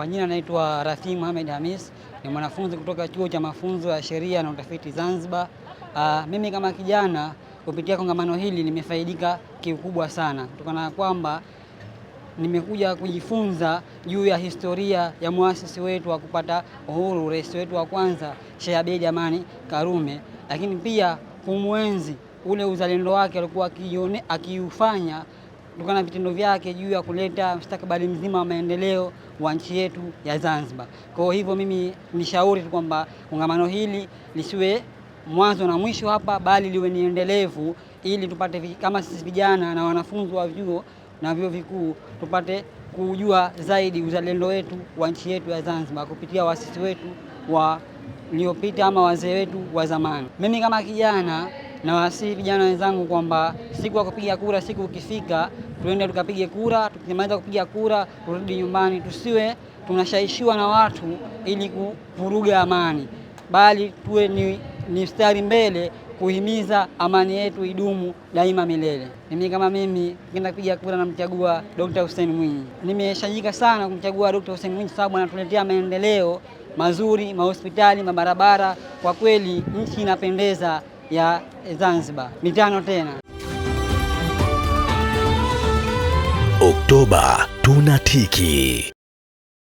Kwa jina naitwa Rafi Mohamed Hamis, ni mwanafunzi kutoka Chuo cha Mafunzo ya Sheria na Utafiti Zanzibar. Uh, mimi kama kijana kupitia kongamano hili nimefaidika kikubwa sana kutokana na kwamba nimekuja kujifunza juu ya historia ya muasisi wetu wa kupata uhuru, rais wetu wa kwanza Sheikh Abeid Amani Karume, lakini pia kumwenzi ule uzalendo wake alikuwa akiufanya kutokana na vitendo vyake juu ya kuleta mustakabali mzima wa maendeleo wa nchi yetu ya Zanzibar. Kwa hivyo mimi nishauri tu kwamba kongamano hili lisiwe mwanzo na mwisho hapa, bali liwe ni endelevu, ili tupate kama sisi vijana na wanafunzi wa vyuo na vyuo vikuu tupate kujua zaidi uzalendo wetu wa nchi yetu ya Zanzibar kupitia waasisi wetu waliopita ama wazee wetu wa zamani. Mimi kama kijana nawasihi vijana wenzangu kwamba siku ya kupiga kura, siku ukifika tuende tukapige kura, tukimaliza kupiga kura turudi nyumbani, tusiwe tunashawishiwa na watu ili kuvuruga amani, bali tuwe ni, ni mstari mbele kuhimiza amani yetu idumu daima milele. Mimi kama mimi nenda kupiga kura, namchagua Dr. Hussein Mwinyi. Nimeshajika sana kumchagua Dr. Hussein Mwinyi sababu anatuletea maendeleo mazuri, mahospitali, mabarabara. Kwa kweli nchi inapendeza ya Zanzibar mitano tena. Oktoba tunatiki.